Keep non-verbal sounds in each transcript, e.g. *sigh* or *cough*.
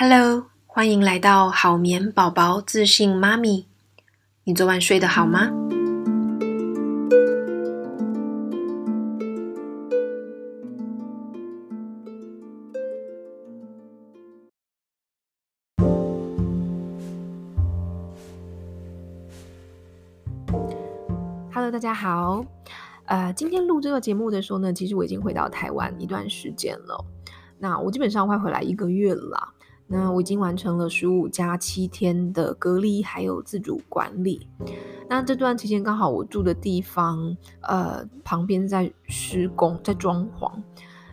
Hello，歡迎來到好眠寶寶自信媽咪。你昨晚睡得好嗎？Hello，大家好。呃，今天錄這個節目的時候呢，其實我已經回到台灣一段時間了。那我基本上快回來一個月了。那我已經完成了十五加七天的隔離，還有自主管理。那這段期間剛好我住的地方，呃，旁邊在施工，在裝潢，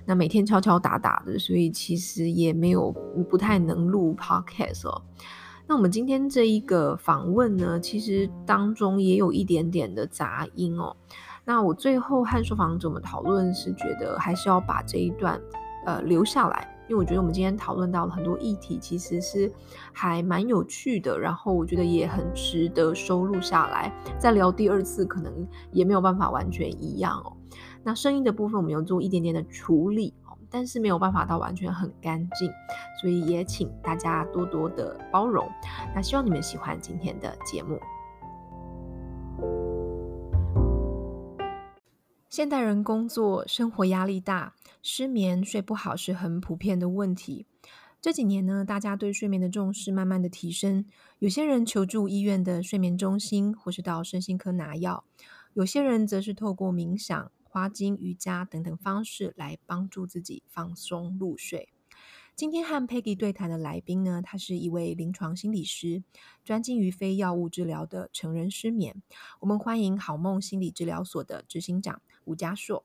那每天敲敲打打的，所以其實也沒有，不太能錄 podcast 哦。那我們今天這一個訪問呢，其實當中也有一點點的雜音哦。那我最後和受訪者們討論是覺得，還是要把這一段呃留下來。因為我覺得我們今天討論到了很多議題，其實是還蠻有趣的，然後我覺得也很值得收錄下來。再聊第二次可能也沒有辦法完全一樣哦。那聲音的部分我們有做一點點的處理哦，但是沒有辦法到完全很乾淨，所以也請大家多多的包容。那希望你們喜歡今天的節目。現代人工作、生活壓力大，失眠、睡不好是很普遍的問題。這幾年呢，大家對睡眠的重視慢慢的提升。有些人求助醫院的睡眠中心，或是到身心科拿藥；有些人則是透過冥想、花精、瑜伽等等方式來幫助自己放鬆入睡。今天和 Peggy 對談的來賓呢，他是一位臨床心理師，專精於非藥物治療的成人失眠。我們歡迎好夢心理治療所的執行長。吳家碩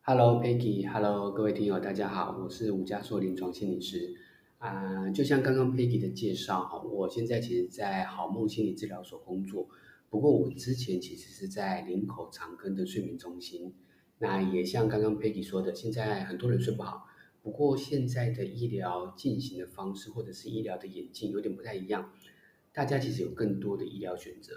，Hello Peggy，Hello 各位聽友，大家好，我是吳家碩，臨床心理師。啊、呃，就像剛剛 Peggy 的介紹哈，我現在其實，在好夢心理治療所工作。不過我之前其實是在林口長庚的睡眠中心。那也像剛剛 Peggy 說的，現在很多人睡不好。不過現在的醫療進行的方式，或者是醫療的演進，有點不太一樣。大家其實有更多的醫療選擇。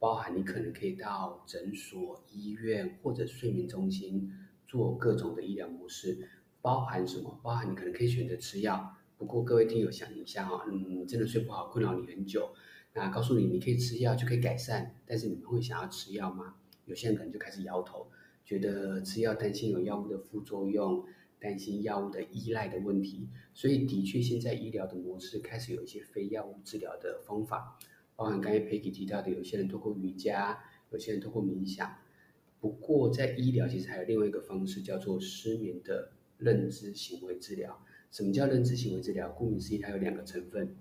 包含你可能可以到診所、醫院或者睡眠中心做各種的醫療模式，包含什麼？包含你可能可以選擇吃藥。不過各位聽友想一下啊，嗯，真的睡不好，困擾你很久，那告訴你你可以吃藥就可以改善，但是你們會想要吃藥嗎？有些人可能就開始搖頭，覺得吃藥擔心有藥物的副作用，擔心藥物的依賴的問題，所以的確現在醫療的模式開始有一些非藥物治療的方法。包含剛才 Peggy 提到的，有些人透過瑜伽，有些人透過冥想。不過，在醫療其實還有另外一個方式，叫做失眠的認知行為治療。什麼叫認知行為治療？顧名思義，它有兩個成分：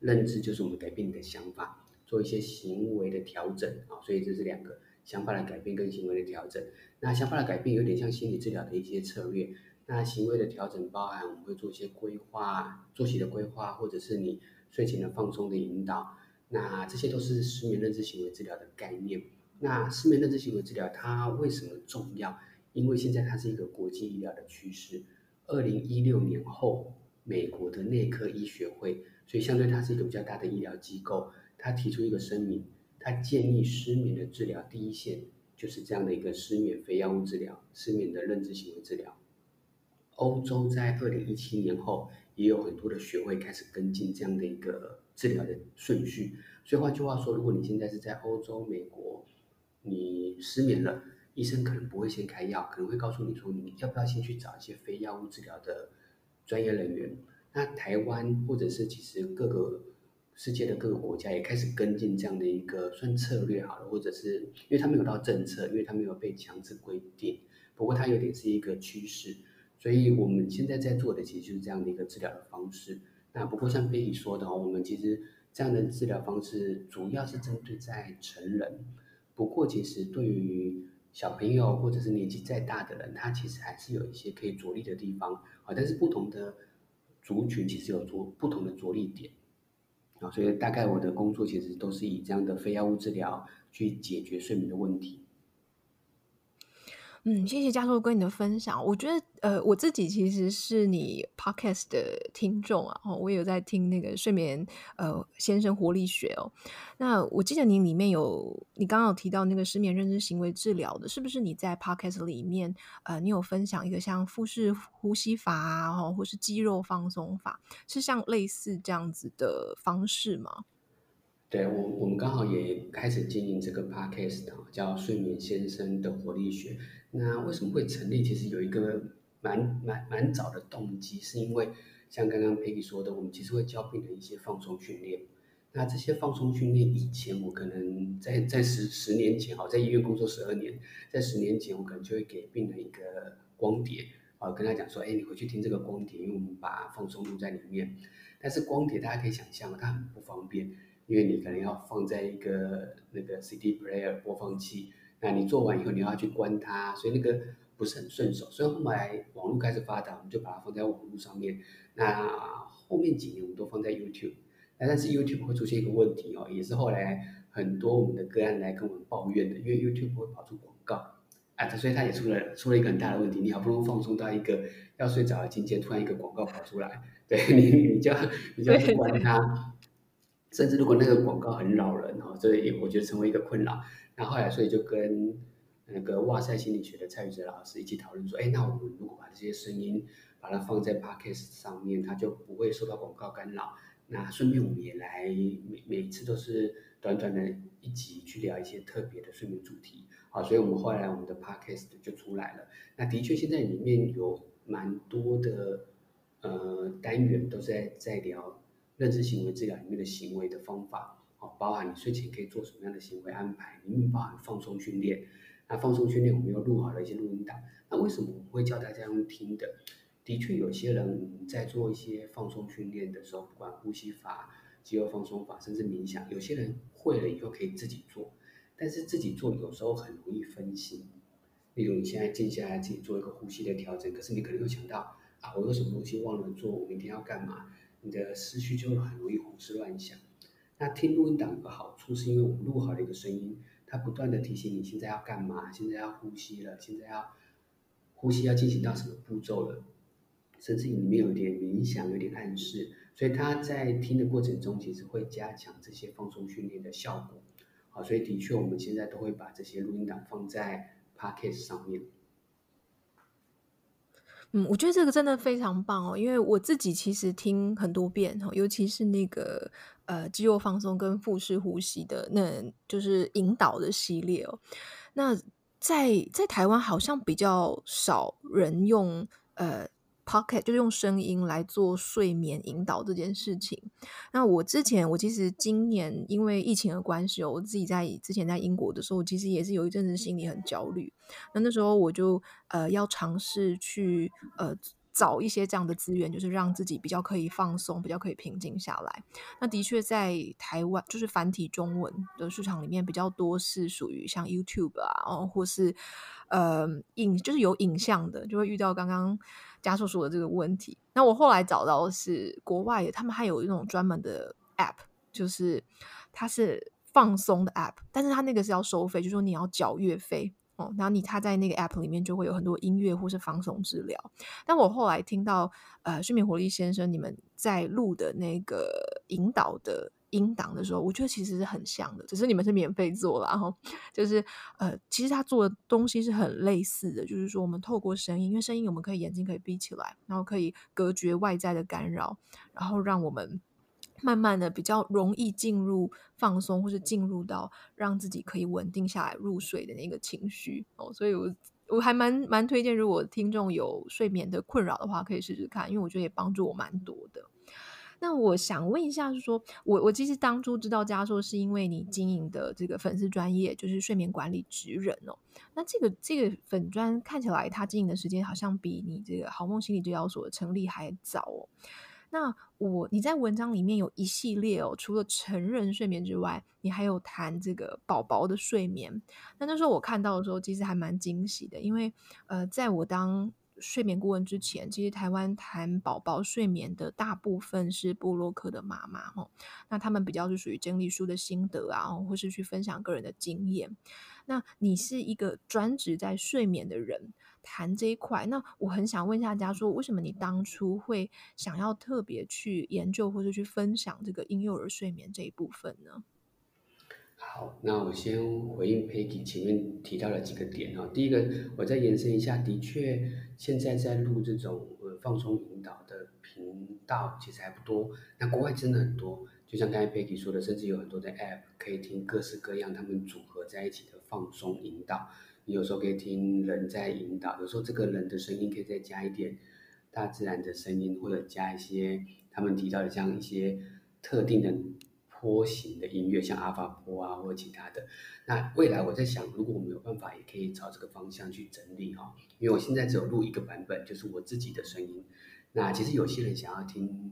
認知就是我們改變你的想法，做一些行為的調整啊。所以這是兩個想法的改變跟行為的調整。那想法的改變有點像心理治療的一些策略。那行為的調整包含我們會做一些規劃，作息的規劃，或者是你睡前的放鬆的引導。那這些都是失眠認知行為治療的概念。那失眠認知行為治療它為什麼重要？因為現在它是一個國際醫療的趨勢。二零一六年後，美國的內科醫學會，所以相對它是一個比較大的醫療機構，它提出一個聲明，它建議失眠的治療第一線就是這樣的一個失眠非藥物治療，失眠的認知行為治療。歐洲在二零一七年後，也有很多的學會開始跟進這樣的一個。治療的順序，所以換句話說，如果你現在是在歐洲、美國，你失眠了，醫生可能不會先開藥，可能會告訴你說，你要不要先去找一些非藥物治療的專業人員。那台灣或者是其實各個世界的各個國家也開始跟進這樣的一個算策略好了，或者是因為它沒有到政策，因為它沒有被強制規定，不過它有點是一個趨勢，所以我們現在在做的其實就是這樣的一個治療的方式。那不過像 Peggy 說的哦，我們其實這樣的治療方式主要是針對在成人。不過其實對於小朋友或者是年紀再大的人，他其實還是有一些可以着力的地方啊。但是不同的族群其實有着不同的着力點啊，所以大概我的工作其實都是以這樣的非藥物治療去解決睡眠的問題。嗯，謝謝家碩跟你的分享。我覺得，呃，我自己其實是你 podcast 的聽眾啊。哦，我也有在聽那個睡眠呃先生活力學哦。那我記得你裡面有你剛剛有提到那個失眠認知行為治療的，是不是你在 podcast 裡面呃，你有分享一個像腹式呼吸法啊，哦，或是肌肉放鬆法，是像類似這樣子的方式嗎？對我，我們剛好也開始經營這個 podcast 啊，叫睡眠先生的活力學。那為什麼會成立？其實有一個蠻蠻蠻早的動機，是因為像剛剛 Peggy 說的，我們其實會教病人一些放鬆訓練。那這些放鬆訓練以前，我可能在在十十年前哦，在醫院工作十二年，在十年前我可能就會給病人一個光碟，啊，跟他講說，哎，你回去聽這個光碟，因為我們把放鬆錄在裡面。但是光碟大家可以想象，它很不方便，因為你可能要放在一個那個 CD player 播放器。那你做完以後你要去關它，所以那個不是很順手。所以後來網絡開始發達，我們就把它放在網絡上面。那後面幾年我們都放在 YouTube，但是 YouTube 會出現一個問題哦，也是後來很多我們的個案來跟我們抱怨的，因為 YouTube 會跑出廣告，啊，所以它也出了出了一個很大的問題。你好不容易放鬆到一個要睡着的境界，突然一個廣告跑出來， *laughs* 對你，你就要你就要去關它。 *laughs* 甚至如果那個廣告很擾人哈，這我覺得成為一個困擾。那後、後來，所以就跟那個哇塞心理學的蔡宇哲老師一起討論說，哎，那我們如果把這些聲音把它放在 podcast 上面，它就不會受到廣告干擾。那順便我們也來每每一次都是短短的一集去聊一些特別的睡眠主題。好，所以我們後來我們的 podcast 就出來了。那的確現在裡面有蠻多的呃單元都是在在聊。認知行為治療裡面的行為的方法，哦，包含你睡前可以做什麼樣的行為安排，明明包含放鬆訓練。那放鬆訓練，我們又錄好了一些錄音檔。那為什麼我會教大家用聽的？的確，有些人在做一些放鬆訓練的時候，不管呼吸法、肌肉放鬆法，甚至冥想，有些人會了以後可以自己做，但是自己做有時候很容易分心。例如，你現在靜下來自己做一個呼吸的調整，可是你可能會想到啊，我有什麼東西忘了做，我明天要幹嘛？你的思緒就很容易胡思亂想。那聽錄音檔有個好處，是因為我們錄好的一個聲音，它不斷的提醒你現在要幹嘛，現在要呼吸了，現在要呼吸要進行到什麼步驟了，甚至裡面有點冥想，有點暗示，所以它在聽的過程中，其實會加強這些放鬆訓練的效果。好，所以的確，我們現在都會把這些錄音檔放在 Podcast 上面。嗯，我覺得這個真的非常棒哦，因為我自己其實聽很多遍哦，尤其是那個呃肌肉放鬆跟腹式呼吸的，那就是引導的系列哦。那在在台灣好像比較少人用呃。Pocket 就是用聲音來做睡眠引導這件事情。那我之前，我其實今年因為疫情的關係，我自己在之前在英國的時候，我其實也是有一陣子心裡很焦慮。那那時候我就呃要嘗試去呃。找一些這樣的資源，就是讓自己比較可以放鬆，比較可以平靜下來。那的確，在台灣就是繁體中文的市場裡面，比較多是屬於像 YouTube 啊，哦，或是呃影，就是有影像的，就會遇到剛剛家碩說的這個問題。那我後來找到的是國外，他們還有一種專門的 App，就是它是放鬆的 App，但是它那個是要收費，就說，是，你要繳月費。哦，然後你他在那個 app 裡面就會有很多音樂或是放鬆治療。但我後來聽到呃，睡眠活力先生你們在錄的那個引導的音檔的時候，我覺得其實是很像的，只是你們是免費做了，然後就是呃，其實他做的東西是很類似的，就是說我們透過聲音，因為聲音我們可以眼睛可以閉起來，然後可以隔絕外在的干擾，然後讓我們，慢慢的比較容易進入放鬆，或是進入到讓自己可以穩定下來入睡的那個情緒哦，所以我我還蠻蠻推薦，如果聽眾有睡眠的困擾的話，可以試試看，因為我覺得也幫助我蠻多的。那我想問一下，是說我我其實當初知道家碩是因為你經營的這個粉絲專業，就是睡眠管理職人哦。那這個這個粉專看起來，他經營的時間好像比你這個好夢心理治療所成立還早哦。那我你在文章裡面有一系列哦，除了成人睡眠之外，你還有談這個寶寶的睡眠。那那時候我看到的時候，其實還蠻驚喜的，因為呃，在我當睡眠顧問之前，其實台灣談寶寶睡眠的大部分是部落客的媽媽哈、哦，那他們比較是屬於整理書的心得啊，或是去分享個人的經驗。那你是一個專職在睡眠的人。談這一塊，那我很想問一下大家，說為什麼你當初會想要特別去研究或者去分享這個嬰幼兒睡眠這一部分呢？好，那我先回應 Peggy 前面提到了幾個點哦。第一個，我再延伸一下，的確，現在在錄這種放鬆引導的頻道其實還不多，但國外真的很多，就像剛才 Peggy 說的，甚至有很多的 App 可以聽各式各樣，他們組合在一起的放鬆引導。有時候可以聽人在引導，有時候這個人的聲音可以再加一點大自然的聲音，或者加一些他們提到的像一些特定的波形的音樂，像阿爾法波啊，或其他的。那未來我在想，如果我們有辦法，也可以朝這個方向去整理哈、哦，因為我現在只有錄一個版本，就是我自己的聲音。那其實有些人想要聽，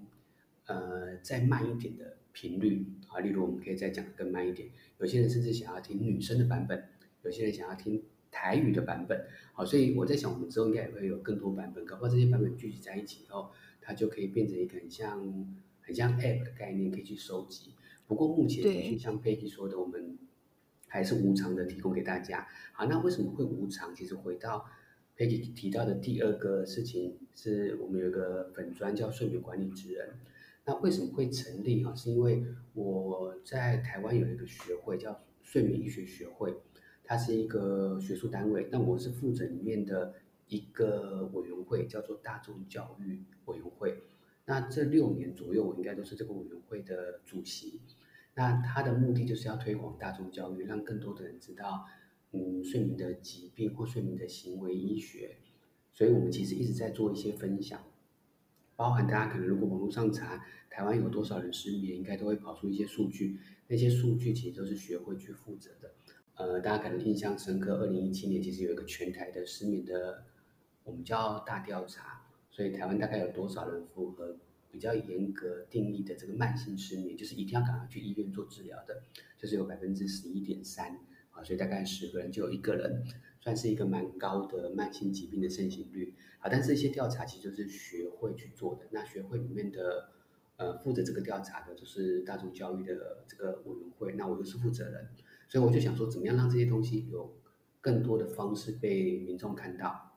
呃，再慢一點的頻率啊，例如我們可以再講得更慢一點。有些人甚至想要聽女生的版本，有些人想要聽。台語的版本，好，所以我在想，我們之後應該也會有更多版本，搞不好這些版本聚集在一起以後，它就可以變成一個很像很像 App 的概念，可以去收集。不過目前，像 Peggy 說的，我們還是無償的提供給大家。好，那為什麼會無償？其實回到 Peggy 提到的第二個事情，是我們有一個本專叫睡眠管理職人。那為什麼會成立？啊？是因為我在台灣有一個學會叫睡眠醫學學會。它是一個學術單位，那我是負責裡面的一個委員會，叫做大眾教育委員會。那這六年左右，我應該都是這個委員會的主席。那它的目的就是要推廣大眾教育，讓更多的人知道，嗯，睡眠的疾病或睡眠的行為醫學。所以我們其實一直在做一些分享，包含大家可能如果網絡上查台灣有多少人失眠，應該都會跑出一些數據，那些數據其實都是學會去負責的。呃，大家可能印象深刻，二零一七年其實有一個全台的失眠的，我們叫大調查，所以台灣大概有多少人符合比較嚴格定義的這個慢性失眠，就是一定要趕快去醫院做治療的，就是有百分之十一點三啊，所以大概十個人就有一個人，算是一個蠻高的慢性疾病的盛行率好。但這些調查其實就是學會去做的，那學會裡面的呃負責這個調查的就是大眾教育的這個委員會，那我又是負責人。所以我就想說，怎麼樣讓這些東西有更多的方式被民眾看到？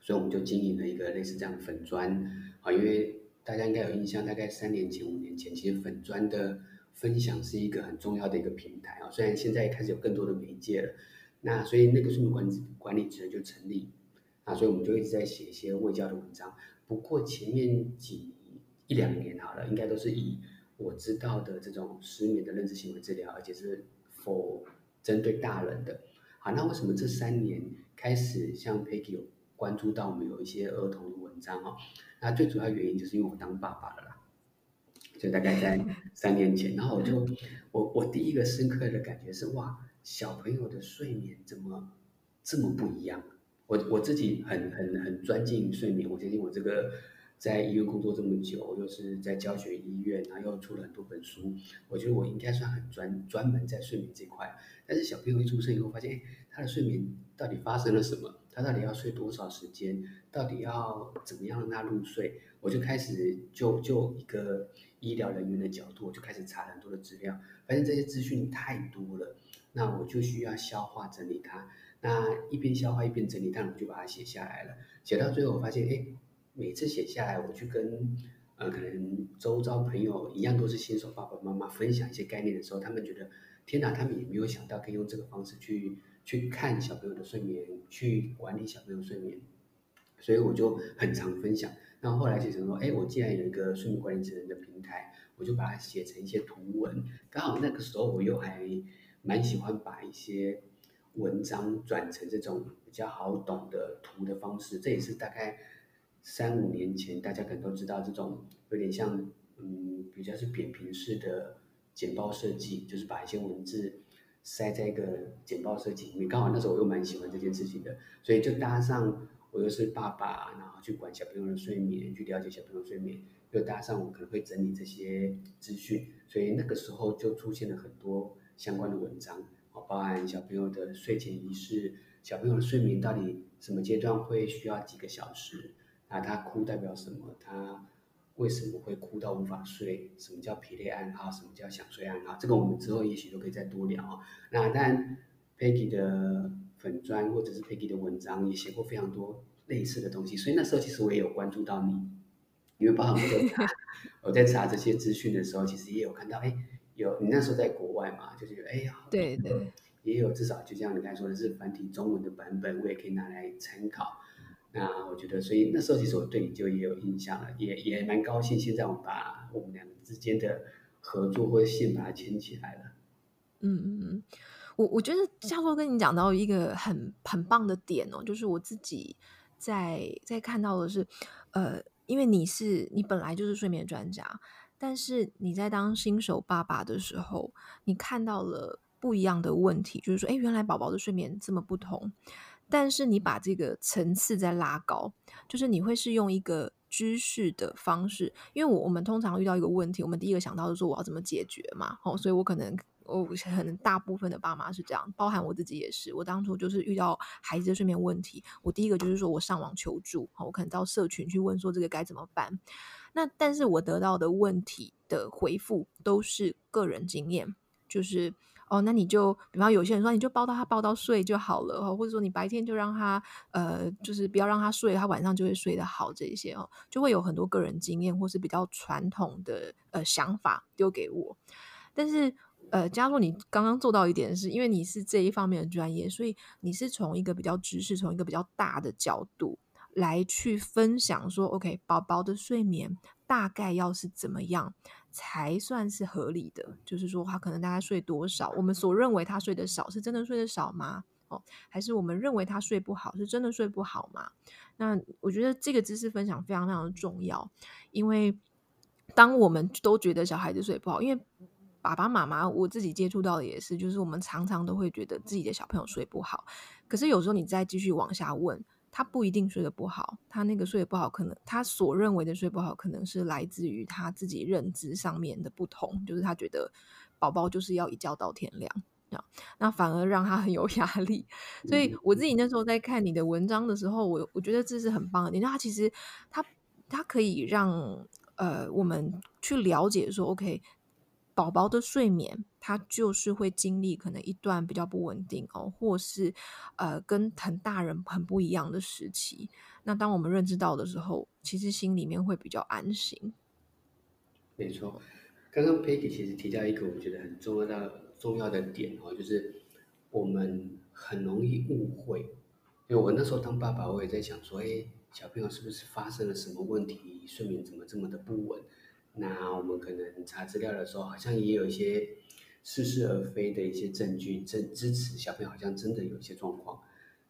所以我們就經營了一個類似這樣的粉專啊，因為大家應該有印象，大概三年前、五年前，其實粉專的分享是一個很重要的一個平台啊。雖然現在開始有更多的媒介了，那所以那個睡眠管理管理職人就成立啊，所以我們就一直在寫一些衛教的文章。不過前面幾一兩年好了，應該都是以我知道的這種失眠的認知行為治療，而且是。哦，針對大人的，好，那為什麼這三年開始像 Peggy 有關注到我們有一些兒童的文章哦？那最主要原因就是因為我當爸爸了啦，就大概在三年前， *laughs* 然後我就我我第一個深刻的感覺是哇，小朋友的睡眠怎麼這麼不一樣？我我自己很很很專精睡眠，我相信我這個。在醫院工作這麼久，又是在教學醫院，然後又出了很多本書，我覺得我應該算很專專門在睡眠這塊。但是小朋友一出生以後，發現哎，他的睡眠到底發生了什麼？他到底要睡多少時間？到底要怎麼樣讓他入睡？我就開始就就一個醫療人員的角度，我就開始查很多的資料，發現這些資訊太多了，那我就需要消化整理它。那一邊消化一邊整理它，但我就把它寫下來了。寫到最後，我發現哎，誒每次寫下來，我去跟呃，可能周遭朋友一樣，都是新手爸爸媽媽分享一些概念的時候，他們覺得天哪，他們也沒有想到可以用這個方式去去看小朋友的睡眠，去管理小朋友睡眠，所以我就很常分享。那後來寫成說，哎，我既然有一個睡眠管理職人的平台，我就把它寫成一些圖文。剛好那個時候我又還蠻喜歡把一些文章轉成這種比較好懂的圖的方式，這也是大概。三五年前，大家可能都知道這種有點像，嗯，比較是扁平式的簡報設計，就是把一些文字塞在一個簡報設計裡面。剛好那時候我又蠻喜歡這件事情的，所以就搭上我又是爸爸，然後去管小朋友的睡眠，去了解小朋友的睡眠，又搭上我可能會整理這些資訊，所以那個時候就出現了很多相關的文章，包含小朋友的睡前儀式，小朋友的睡眠到底什麼階段會需要幾個小時。那、啊、他哭代表什麼？他為什麼會哭到無法睡？什麼叫疲累暗號？什麼叫想睡暗號？這個我們之後也許都可以再多聊。哦，那當然，Peggy 的粉專或者是 Peggy 的文章也寫過非常多類似的東西，所以那時候其實我也有關注到你，因為包含我在查這些資訊的時候， *laughs* 其實也有看到，哎，有你那時候在國外嘛，就覺得哎呀，對，對對，嗯，也有至少就像你剛才說的是繁體中文的版本，我也可以拿來參考。那我覺得，所以那時候其實我對你就也有印象了，也也蠻高興。現在我們把我們倆之間的合作或信把它牽起來了。嗯嗯，我我覺得教授跟你講到一個很很棒的點哦，就是我自己在在看到的是，呃，因為你是你本來就是睡眠專家，但是你在當新手爸爸的時候，你看到了不一樣的問題，就是說，哎，原來寶寶的睡眠這麼不同。但是你把這個層次再拉高，就是你會是用一個知識的方式，因為我我們通常遇到一個問題，我們第一個想到的是說我要怎麼解決嘛，哦，所以我可能我可能大部分的爸媽是這樣，包含我自己也是，我當初就是遇到孩子的睡眠問題，我第一個就是說我上網求助，哦，我可能到社群去問說這個該怎麼辦，那但是我得到的問題的回覆都是個人經驗，就是。哦，那你就比方有些人說，你就抱到他抱到睡就好了，或者說你白天就讓他呃，就是不要讓他睡，他晚上就會睡得好這些哦，就會有很多個人經驗或是比較傳統的呃想法丟給我。但是呃，家碩你剛剛做到一點是，是因為你是這一方面的專業，所以你是從一個比較知識，從一個比較大的角度。來去分享說，OK，寶寶的睡眠大概要是怎麼樣才算是合理的？就是說，他可能大概睡多少？我們所認為他睡得少，是真的睡得少嗎？哦，還是我們認為他睡不好，是真的睡不好嗎？那我覺得這個知識分享非常非常的重要，因為當我們都覺得小孩子睡不好，因為爸爸媽媽我自己接觸到的也是，就是我們常常都會覺得自己的小朋友睡不好，可是有時候你再繼續往下問。他不一定睡得不好，他那個睡得不好，可能他所認為的睡不好，可能是來自於他自己認知上面的不同，就是他覺得寶寶就是要一覺到天亮，嗯，那反而讓他很有壓力。所以我自己那時候在看你的文章的時候，我我覺得這是很棒的，你知道他其實他他可以讓呃我們去了解說，OK。寶寶的睡眠，他就是會經歷可能一段比較不穩定哦，或是呃跟很大人很不一樣的時期。那當我們認知到的時候，其實心裡面會比較安心。沒錯，剛剛 Peggy 其實提到一個我覺得很重要的很重要的，重要的點哦，就是我們很容易誤會。因為我那時候當爸爸，我也在想說，哎，小朋友是不是發生了什麼問題？睡眠怎麼這麼的不穩？那我們可能查資料的時候，好像也有一些似是而非的一些證據證支持小朋友好像真的有一些狀況，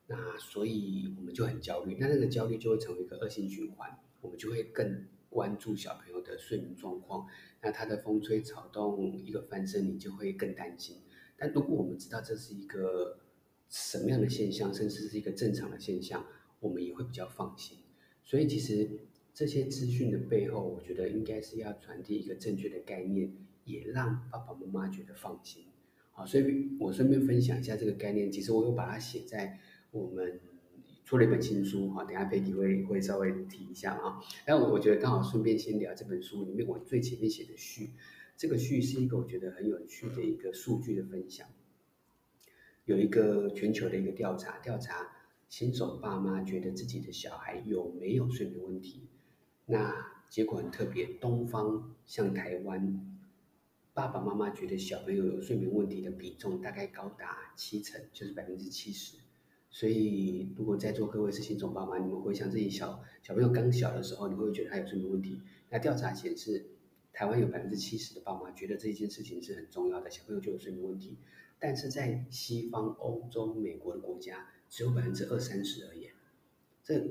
那所以我們就很焦慮，那那個焦慮就會成為一個惡性循環，我們就會更關注小朋友的睡眠狀況，那他的風吹草動一個翻身你就會更擔心，但如果我們知道這是一個什麼樣的現象，甚至是一個正常的現象，我們也會比較放心，所以其實。這些資訊的背後，我覺得應該是要傳遞一個正確的概念，也讓爸爸媽媽覺得放心。好，所以我順便分享一下這個概念。其實，我有把它寫在我們出了一本新書。哈，等一下 Peggy 會會稍微提一下啊。但我覺得剛好順便先聊這本書裡面往最前面寫的序，這個序是一個我覺得很有趣的一個數據的分享。有一個全球的一個調查，調查新手爸媽覺得自己的小孩有沒有睡眠問題。那結果很特別，東方像台灣，爸爸媽媽覺得小朋友有睡眠問題的比重大概高達七成，就是百分之七十。所以，如果在座各位是新手爸媽，你們回想自己小小朋友剛小的時候，你會覺得他有睡眠問題？那調查顯示，台灣有百分之七十的爸媽覺得這件事情是很重要的，小朋友就有睡眠問題，但是在西方、歐洲、美國的國家，只有百分之二三十而已，這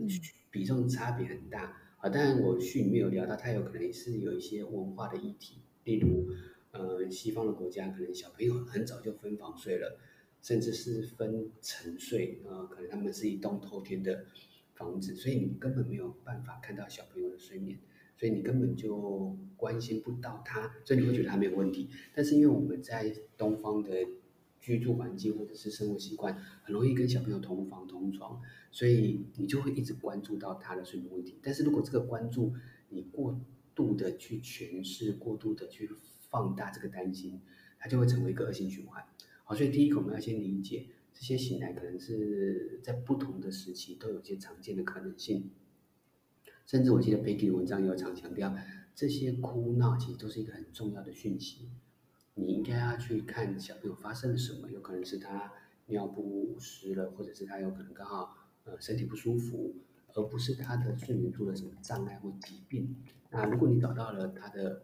比重差別很大。但我序裡面有聊到，它有可能是有一些文化的議題，例如，呃，西方的國家可能小朋友很早就分房睡了，甚至是分層睡，呃，可能他們是一棟透天的房子，所以你根本沒有辦法看到小朋友的睡眠，所以你根本就關心不到他，所以你會覺得他沒有問題。但是因為我們在東方的居住環境或者是生活習慣，很容易跟小朋友同房同床。所以你就會一直關注到他的睡眠問題，但是如果這個關注你過度的去詮釋，過度的去放大這個擔心，它就會成為一個惡性循環。好，所以第一個，我們要先理解這些醒來可能是在不同的時期都有一些常見的可能性。甚至我記得 Peggy 的文章也有常強調，這些哭鬧其實都是一個很重要的訊息，你應該要去看小朋友發生了什麼，有可能是他尿布濕了，或者是他有可能剛好。呃，身體不舒服，而不是他的睡眠出了什麼障礙或疾病。那如果你找到了他的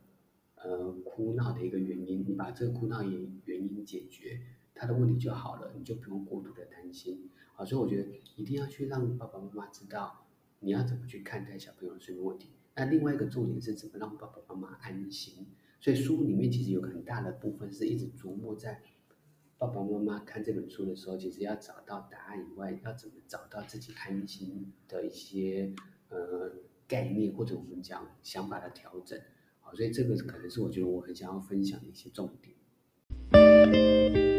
呃哭鬧的一個原因，你把這個哭鬧原原因解決，他的問題就好了，你就不用過度的擔心。啊，所以我覺得一定要去讓爸爸媽媽知道你要怎麼去看待小朋友的睡眠問題。那另外一個重點是怎麼讓爸爸媽媽安心。所以書裡面其實有很大的部分是一直琢磨在。爸爸媽媽看這本書的時候，其實要找到答案以外，要怎麼找到自己安心的一些呃概念，或者我們講想把它調整好，所以這個可能是我覺得我很想要分享的一些重點。